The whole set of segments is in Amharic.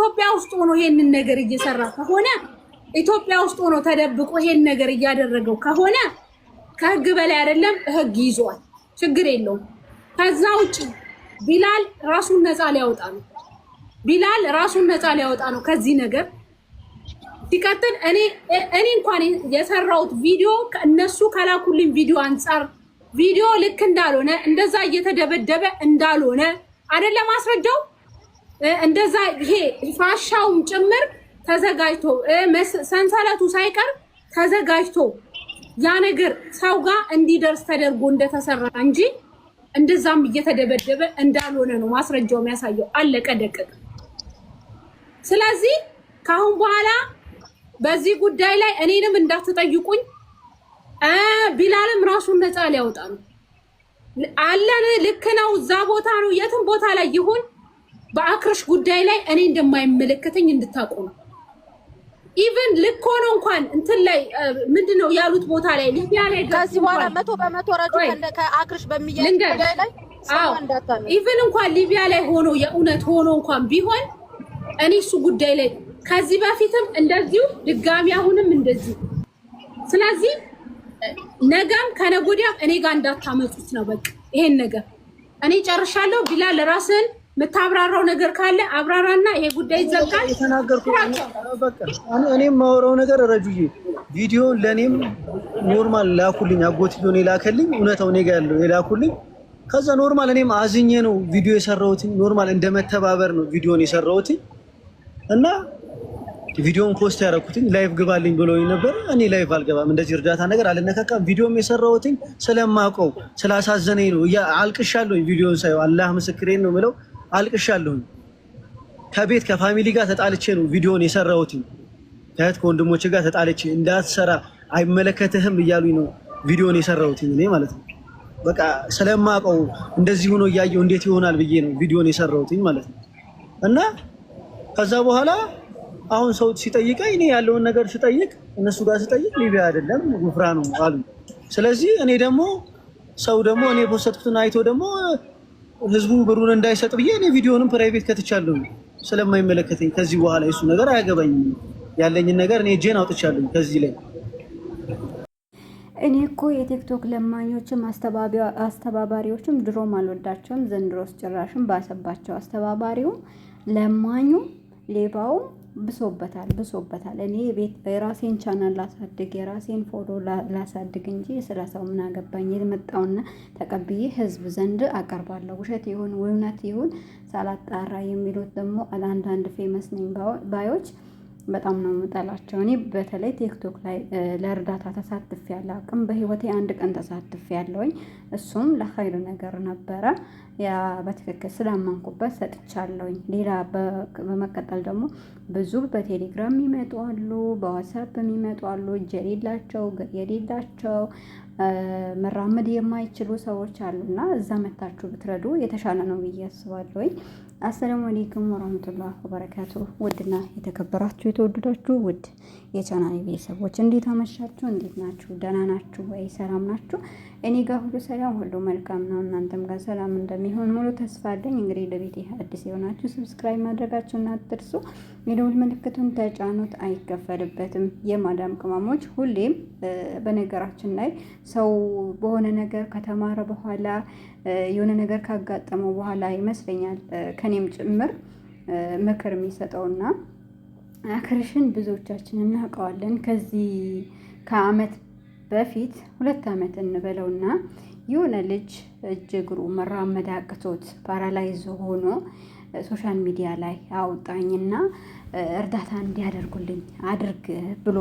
ኢትዮጵያ ውስጥ ሆኖ ይሄንን ነገር እየሰራ ከሆነ ኢትዮጵያ ውስጥ ሆኖ ተደብቆ ይሄን ነገር እያደረገው ከሆነ ከህግ በላይ አይደለም፣ ህግ ይዟል፣ ችግር የለውም። ከዛ ውጭ ቢላል ራሱን ነፃ ሊያወጣ ነው። ቢላል ራሱን ነፃ ሊያወጣ ነው ከዚህ ነገር ሲቀጥል እኔ እኔ እንኳን የሰራሁት ቪዲዮ ከእነሱ ከላኩልኝ ቪዲዮ አንጻር ቪዲዮ ልክ እንዳልሆነ እንደዛ እየተደበደበ እንዳልሆነ አይደለም አስረጃው እንደዛ ይሄ ፋሻውም ጭምር ተዘጋጅቶ ሰንሰለቱ ሳይቀር ተዘጋጅቶ ያ ነገር ሰው ጋር እንዲደርስ ተደርጎ እንደተሰራ እንጂ እንደዛም እየተደበደበ እንዳልሆነ ነው ማስረጃው የሚያሳየው። አለቀ ደቀቀ። ስለዚህ ከአሁን በኋላ በዚህ ጉዳይ ላይ እኔንም እንዳትጠይቁኝ፣ ቢላልም ራሱን ነፃ ሊያወጣ ነው አለን። ልክ ነው። እዛ ቦታ ነው የትም ቦታ ላይ ይሁን በአክርሽ ጉዳይ ላይ እኔ እንደማይመለከተኝ እንድታውቁ ነው። ኢቨን ልክ ሆኖ እንኳን እንትን ላይ ምንድን ነው ያሉት ቦታ ላይ ሊቢያ ላይ ከዚህ በኋላ መቶ በመቶ ረጁ በሚያዝ ጉዳይ ላይ ኢቨን እንኳን ሊቢያ ላይ ሆኖ የእውነት ሆኖ እንኳን ቢሆን እኔ እሱ ጉዳይ ላይ ከዚህ በፊትም እንደዚሁ ድጋሚ አሁንም እንደዚሁ። ስለዚህ ነገም ከነገ እኔ ጋር እንዳታመጡት ነው። በቃ ይሄን ነገር እኔ ጨርሻለሁ። ቢላል ራስን የምታብራራው ነገር ካለ አብራራና ይሄ ጉዳይ ይዘጋል። እኔም ማወራው ነገር ረጁዬ ቪዲዮ ለእኔም ኖርማል ላኩልኝ፣ አጎት ሆን የላከልኝ እውነታው እኔ ጋ ያለው የላኩልኝ። ከዛ ኖርማል እኔም አዝኜ ነው ቪዲዮ የሰራሁትኝ። ኖርማል እንደ መተባበር ነው ቪዲዮን የሰራውት እና ቪዲዮን ፖስት ያደረኩትኝ ላይቭ ግባልኝ ብሎኝ ነበር። እኔ ላይቭ አልገባም፣ እንደዚህ እርዳታ ነገር አልነካካም። ቪዲዮም የሰራሁትኝ ስለማውቀው ስላሳዘነኝ ነው። አልቅሻለሁኝ ቪዲዮን ሳየው፣ አላህ ምስክሬን ነው የምለው አልቅሻለሁኝ። ከቤት ከፋሚሊ ጋር ተጣልቼ ነው ቪዲዮን የሰራሁት። ከእህት ከወንድሞች ጋር ተጣልቼ እንዳትሰራ አይመለከትህም እያሉኝ ነው ቪዲዮን የሰራሁት እኔ ማለት ነው። በቃ ስለማውቀው እንደዚህ ሆኖ እያየው እንዴት ይሆናል ብዬ ነው ቪዲዮን የሰራሁት ማለት ነው። እና ከዛ በኋላ አሁን ሰው ሲጠይቀኝ እኔ ያለውን ነገር ስጠይቅ እነሱ ጋር ስጠይቅ ሊቢያ አይደለም ጉፍራ ነው አሉ። ስለዚህ እኔ ደግሞ ሰው ደግሞ እኔ የፖሰትኩትን አይቶ ደግሞ ህዝቡ ብሩን እንዳይሰጥ ብዬ እኔ ቪዲዮንም ፕራይቬት ከትቻለሁ። ስለማይመለከተኝ ከዚህ በኋላ የሱ ነገር አያገባኝም። ያለኝን ነገር እኔ እጄን አውጥቻለሁ ከዚህ ላይ እኔ እኮ የቲክቶክ ለማኞችም አስተባባሪዎችም ድሮም አልወዳቸውም፣ ዘንድሮስ ጭራሽም ባሰባቸው። አስተባባሪውም ለማኙም ሌባውም ብሶበታል ብሶበታል። እኔ ቤት የራሴን ቻናል ላሳድግ የራሴን ፎቶ ላሳድግ እንጂ ስለ ሰው ምን አገባኝ? የመጣውና ተቀብዬ ህዝብ ዘንድ አቀርባለሁ። ውሸት ይሁን እውነት ይሁን ሳላጣራ የሚሉት ደግሞ አንዳንድ ፌመስ ነኝ ባዮች በጣም ነው የምጠላቸው። እኔ በተለይ ቲክቶክ ላይ ለእርዳታ ተሳትፍ ያለ አቅም በህይወቴ አንድ ቀን ተሳትፍ ያለውኝ እሱም ለኸይር ነገር ነበረ። ያ በትክክል ስላመንኩበት ሰጥቻለሁኝ። ሌላ በመቀጠል ደግሞ ብዙ በቴሌግራም የሚመጡ አሉ፣ በዋትሳፕ የሚመጡ አሉ። እጅ የሌላቸው እግር የሌላቸው መራመድ የማይችሉ ሰዎች አሉና እዛ መታችሁ ብትረዱ የተሻለ ነው ብዬ አስባለሁኝ። አሰላሙ አሌይኩም ወረህመቱላህ ወበረካቱ። ውድና የተከበራችሁ የተወደዳችሁ ውድ የቻናል ቤተሰቦች እንዴት አመሻችሁ? እንዴት ናችሁ? ደህና ናችሁ ወይ? ሰላም ናችሁ? እኔ ጋር ሁሉ ሰላም ሁሉ መልካም ነው። እናንተም ጋር ሰላም እንደሚሆን ሙሉ ተስፋ አለኝ። እንግዲህ ለቤት አዲስ የሆናችሁ ሰብስክራይብ ማድረጋችሁን አትርሱ። የደውል ምልክቱን ተጫኑት፣ አይከፈልበትም። የማዳም ቅመሞች ሁሌም በነገራችን ላይ ሰው በሆነ ነገር ከተማረ በኋላ የሆነ ነገር ካጋጠመው በኋላ ይመስለኛል ከኔም ጭምር ምክር የሚሰጠውና አክርሽን ብዙዎቻችን እናውቀዋለን ከዚህ ከአመት በፊት ሁለት ዓመት እንበለውና የሆነ ልጅ እጅ እግሩ መራመድ አቅቶት ፓራላይዝ ሆኖ ሶሻል ሚዲያ ላይ አውጣኝና እርዳታ እንዲያደርጉልኝ አድርግ ብሎ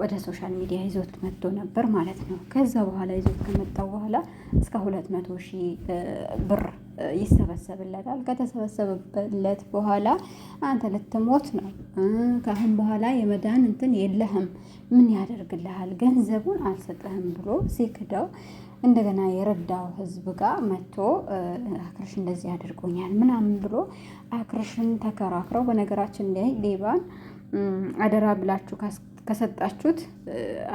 ወደ ሶሻል ሚዲያ ይዞት መጥቶ ነበር ማለት ነው። ከዛ በኋላ ይዞት ከመጣው በኋላ እስከ ሁለት መቶ ሺህ ብር ይሰበሰብለታል። ከተሰበሰበለት በኋላ አንተ ልትሞት ነው፣ ካሁን በኋላ የመዳን እንትን የለህም፣ ምን ያደርግልሃል? ገንዘቡን አልሰጠህም ብሎ ሲክደው እንደገና የረዳው ህዝብ ጋር መጥቶ አክርሽ እንደዚህ አድርጎኛል ምናምን ብሎ አክርሽን ተከራክረው፣ በነገራችን ላይ ሌባን አደራ ብላችሁ ከሰጣችሁት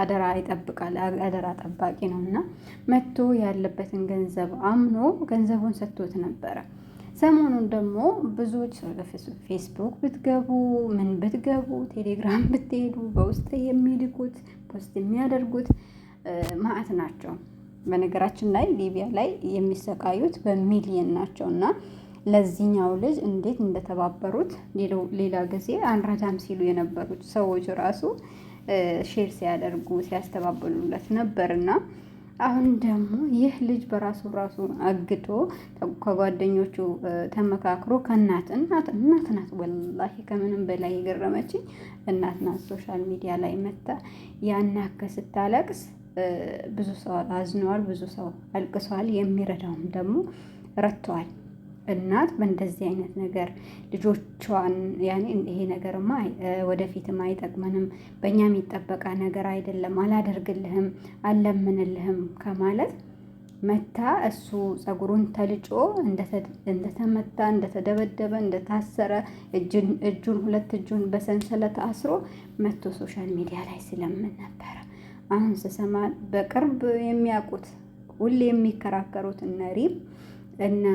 አደራ ይጠብቃል። አደራ ጠባቂ ነው እና መጥቶ ያለበትን ገንዘብ አምኖ ገንዘቡን ሰጥቶት ነበረ። ሰሞኑን ደግሞ ብዙዎች ፌስቡክ ብትገቡ፣ ምን ብትገቡ፣ ቴሌግራም ብትሄዱ በውስጥ የሚልኩት ፖስት የሚያደርጉት ማዕት ናቸው። በነገራችን ላይ ሊቢያ ላይ የሚሰቃዩት በሚሊየን ናቸው እና ለዚህኛው ልጅ እንዴት እንደተባበሩት ሌላ ጊዜ አንረዳም ሲሉ የነበሩት ሰዎች ራሱ ሼር ሲያደርጉ ሲያስተባበሉለት ነበርና አሁን ደግሞ ይህ ልጅ በራሱ ራሱ አግቶ ከጓደኞቹ ተመካክሮ ከእናት እናት እናት ናት። ወላሂ ከምንም በላይ የገረመችኝ እናት ናት። ሶሻል ሚዲያ ላይ መታ ያናከ ስታለቅስ ብዙ ሰው አዝነዋል፣ ብዙ ሰው አልቅሰዋል። የሚረዳውም ደግሞ ረድተዋል። እናት በእንደዚህ አይነት ነገር ልጆቿን ያኔ ይሄ ነገርማ ወደፊትም አይጠቅመንም፣ በእኛ የሚጠበቃ ነገር አይደለም፣ አላደርግልህም፣ አለምንልህም ከማለት መታ እሱ ፀጉሩን ተልጮ እንደተመታ እንደተደበደበ እንደታሰረ እጁን ሁለት እጁን በሰንሰለት አስሮ መቶ ሶሻል ሚዲያ ላይ ስለምን ነበረ። አሁን ስሰማ በቅርብ የሚያውቁት ሁሌ የሚከራከሩት እነሪም እና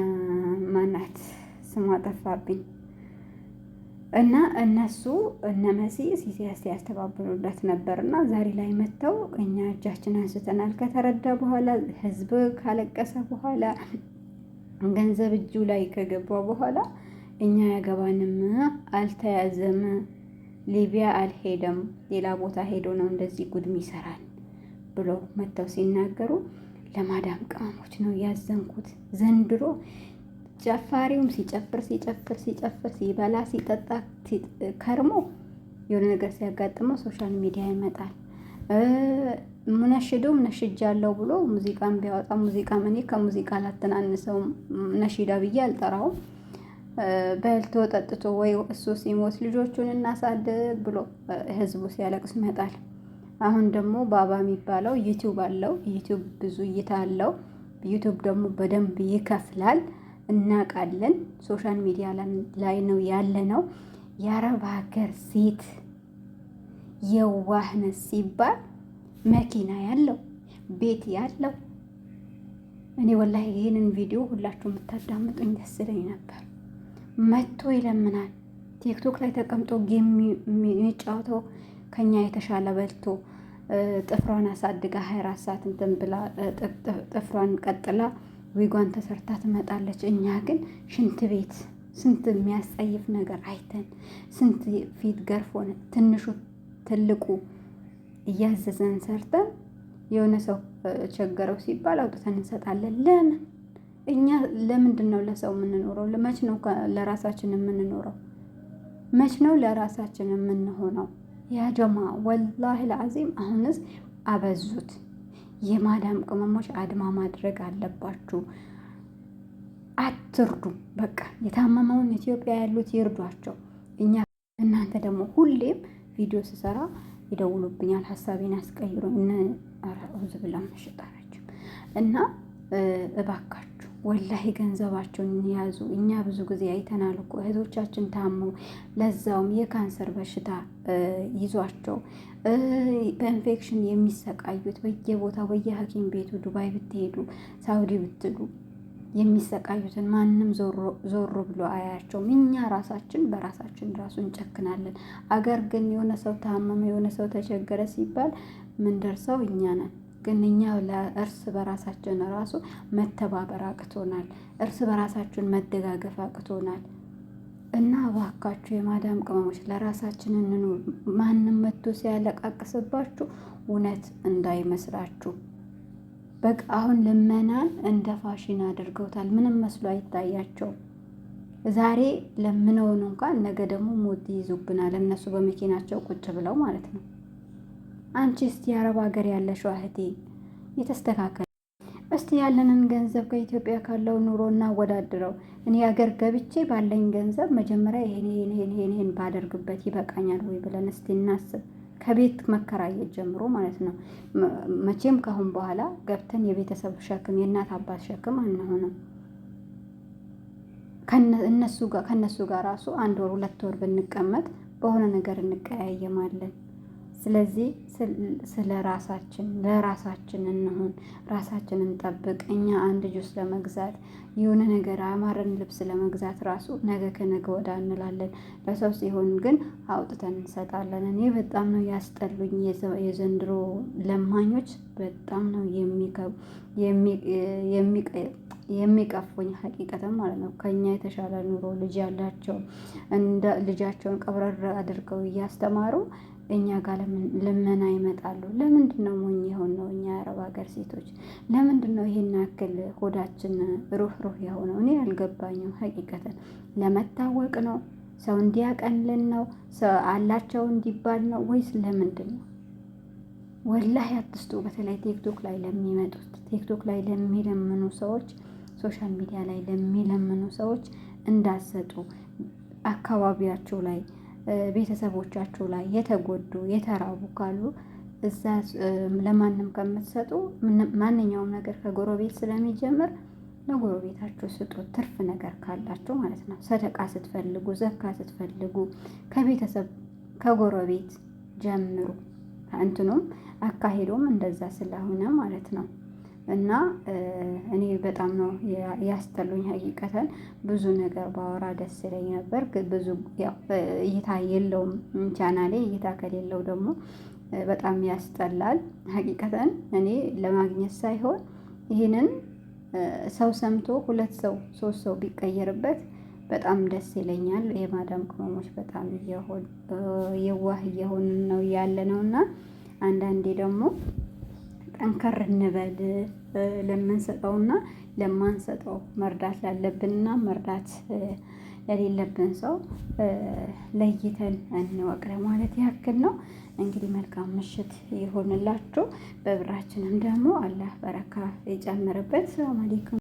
ማናት ስሟ ጠፋብኝ እና እነሱ እነ መሲ ሲሲያስ ያስተባብሉለት ነበር እና ዛሬ ላይ መጥተው እኛ እጃችን አንስተናል ከተረዳ በኋላ ህዝብ ካለቀሰ በኋላ ገንዘብ እጁ ላይ ከገባ በኋላ እኛ ያገባንም አልተያዘም፣ ሊቢያ አልሄደም፣ ሌላ ቦታ ሄዶ ነው እንደዚህ ጉድም ይሰራል ብሎ መጥተው ሲናገሩ ለማዳም ቅመሞች ነው ያዘንኩት ዘንድሮ ጨፋሪውም ሲጨፍር ሲጨፍር ሲጨፍር ሲበላ ሲጠጣ ከርሞ የሆነ ነገር ሲያጋጥመው ሶሻል ሚዲያ ይመጣል። ነሽጅ ነሽጃለሁ ብሎ ሙዚቃም ቢያወጣ ሙዚቃ እኔ ከሙዚቃ ላተናንሰው ነሽዳ ብዬ አልጠራውም። በልቶ ጠጥቶ ወይ እሱ ሲሞት ልጆቹን እናሳድግ ብሎ ህዝቡ ሲያለቅስ ይመጣል። አሁን ደግሞ ባባ የሚባለው ዩቲዩብ አለው። ዩቲዩብ ብዙ እይታ አለው። ዩቲዩብ ደግሞ በደንብ ይከፍላል፣ እናውቃለን። ሶሻል ሚዲያ ላይ ነው ያለ ነው። የአረብ ሀገር ሴት የዋህነት ሲባል መኪና ያለው ቤት ያለው እኔ ወላሂ ይህንን ቪዲዮ ሁላችሁ የምታዳምጡኝ ደስ ይለኝ ነበር። መጥቶ ይለምናል። ቲክቶክ ላይ ተቀምጦ ጌም የሚጫወተው ከኛ የተሻለ በልቶ ጥፍሯን አሳድጋ ሀያ አራት ሰዓት እንትን ብላ ጥፍሯን ቀጥላ ዊጓን ተሰርታ ትመጣለች። እኛ ግን ሽንት ቤት ስንት የሚያስጸይፍ ነገር አይተን ስንት ፊት ገርፎን ትንሹ ትልቁ እያዘዘን ሰርተን የሆነ ሰው ቸገረው ሲባል አውጥተን እንሰጣለን። ለምን እኛ ለምንድን ነው ለሰው የምንኖረው? መች ነው ለራሳችን የምንኖረው? መች ነው ለራሳችን የምንሆነው? ያ ጀማ ወላሂ ለአዚም አሁንስ አበዙት። የማዳም ቅመሞች አድማ ማድረግ አለባችሁ። አትርዱ። በቃ የታመመውን ኢትዮጵያ ያሉት ይርዷቸው። እኛ እናንተ ደግሞ ሁሌም ቪዲዮ ስሰራ ይደውሉብኛል፣ ሀሳቤን አስቀይሩ እነ ዝብላ መሸጣናቸው እና እባካችሁ ወላሂ ገንዘባቸውን ያዙ። እኛ ብዙ ጊዜ አይተናል እኮ እህቶቻችን ታሙ፣ ለዛውም የካንሰር በሽታ ይዟቸው በኢንፌክሽን የሚሰቃዩት በየቦታው በየሐኪም ቤቱ ዱባይ ብትሄዱ ሳውዲ ብትሉ የሚሰቃዩትን ማንም ዞሮ ብሎ አያቸውም። እኛ ራሳችን በራሳችን ራሱ እንጨክናለን። አገር ግን የሆነ ሰው ታመመ፣ የሆነ ሰው ተቸገረ ሲባል ምንደርሰው እኛ ነን። ግን እኛ ለእርስ በራሳችን ራሱ መተባበር አቅቶናል። እርስ በራሳችን መደጋገፍ አቅቶናል። እና እባካችሁ የማዳም ቅመሞች ለራሳችን እንኑር። ማንም መጥቶ ሲያለቃቅስባችሁ እውነት እንዳይመስላችሁ። በቃ አሁን ልመናን እንደ ፋሽን አድርገውታል። ምንም መስሎ አይታያቸውም። ዛሬ ለምነውን እንኳን ነገ ደግሞ ሞት ይይዙብናል። እነሱ በመኪናቸው ቁጭ ብለው ማለት ነው። አንቺ እስቲ የአረብ ሀገር ያለሽው እህቴ የተስተካከለ እስቲ ያለንን ገንዘብ ከኢትዮጵያ ካለው ኑሮ እናወዳድረው። እኔ ሀገር ገብቼ ባለኝ ገንዘብ መጀመሪያ ይሄን ይሄን ይሄን ይሄን ይሄን ባደርግበት ይበቃኛል ወይ ብለን እስቲ እናስብ። ከቤት መከራየት ጀምሮ ማለት ነው። መቼም ካሁን በኋላ ገብተን የቤተሰብ ሸክም የእናት አባት ሸክም አንሆንም። ከእነሱ ጋር ራሱ አንድ ወር ሁለት ወር ብንቀመጥ በሆነ ነገር እንቀያየማለን። ስለዚህ ስለ ራሳችን ለራሳችን እንሁን፣ ራሳችንን እንጠብቅ። እኛ አንድ ጁስ ለመግዛት የሆነ ነገር አማረን ልብስ ለመግዛት ራሱ ነገ ከነገ ወዳ እንላለን። ለሰው ሲሆን ግን አውጥተን እንሰጣለን። እኔ በጣም ነው ያስጠሉኝ የዘንድሮ ለማኞች፣ በጣም ነው የሚቀፉኝ ሀቂቀትም ማለት ነው። ከኛ የተሻለ ኑሮ ልጅ ያላቸው ልጃቸውን ቀብረር አድርገው እያስተማሩ እኛ ጋር ልመና ይመጣሉ። ለምንድን ነው ሞኝ የሆን ነው? እኛ የአረብ ሀገር ሴቶች ለምንድን ነው ይህን ያክል ሆዳችን ሩህ ሩህ የሆነው? እኔ አልገባኝም። ሀቂቀትን ለመታወቅ ነው ሰው እንዲያቀልን ነው አላቸው እንዲባል ነው ወይስ ለምንድን ነው? ወላህ አትስጡ። በተለይ ቲክቶክ ላይ ለሚመጡት ቲክቶክ ላይ ለሚለምኑ ሰዎች፣ ሶሻል ሚዲያ ላይ ለሚለምኑ ሰዎች እንዳሰጡ አካባቢያቸው ላይ ቤተሰቦቻችሁ ላይ የተጎዱ የተራቡ ካሉ እዛ ለማንም ከምትሰጡ ማንኛውም ነገር ከጎረቤት ስለሚጀምር ለጎረቤታችሁ ስጡ፣ ትርፍ ነገር ካላችሁ ማለት ነው። ሰደቃ ስትፈልጉ፣ ዘካ ስትፈልጉ ከቤተሰብ ከጎረቤት ጀምሩ። እንትኑም አካሄዶም እንደዛ ስለሆነ ማለት ነው። እና እኔ በጣም ነው ያስጠሉኝ። ሀቂቀተን ብዙ ነገር ባወራ ደስ ይለኝ ነበር። ብዙ እይታ የለውም ቻናሌ። እይታ ከሌለው ደግሞ በጣም ያስጠላል። ሀቂቀተን እኔ ለማግኘት ሳይሆን ይህንን ሰው ሰምቶ ሁለት ሰው ሶስት ሰው ቢቀየርበት በጣም ደስ ይለኛል። የማዳም ቅመሞች በጣም የዋህ እየሆን ነው ያለ ነው እና አንዳንዴ ደግሞ ጠንከር እንበል ለምንሰጠውና ለማንሰጠው መርዳት ላለብንና መርዳት ለሌለብን ሰው ለይተን እንወቅረ ማለት ያክል ነው። እንግዲህ መልካም ምሽት ይሆንላችሁ። በብራችንም ደግሞ አላህ በረካ ይጨምርበት። ሰላም አለይኩም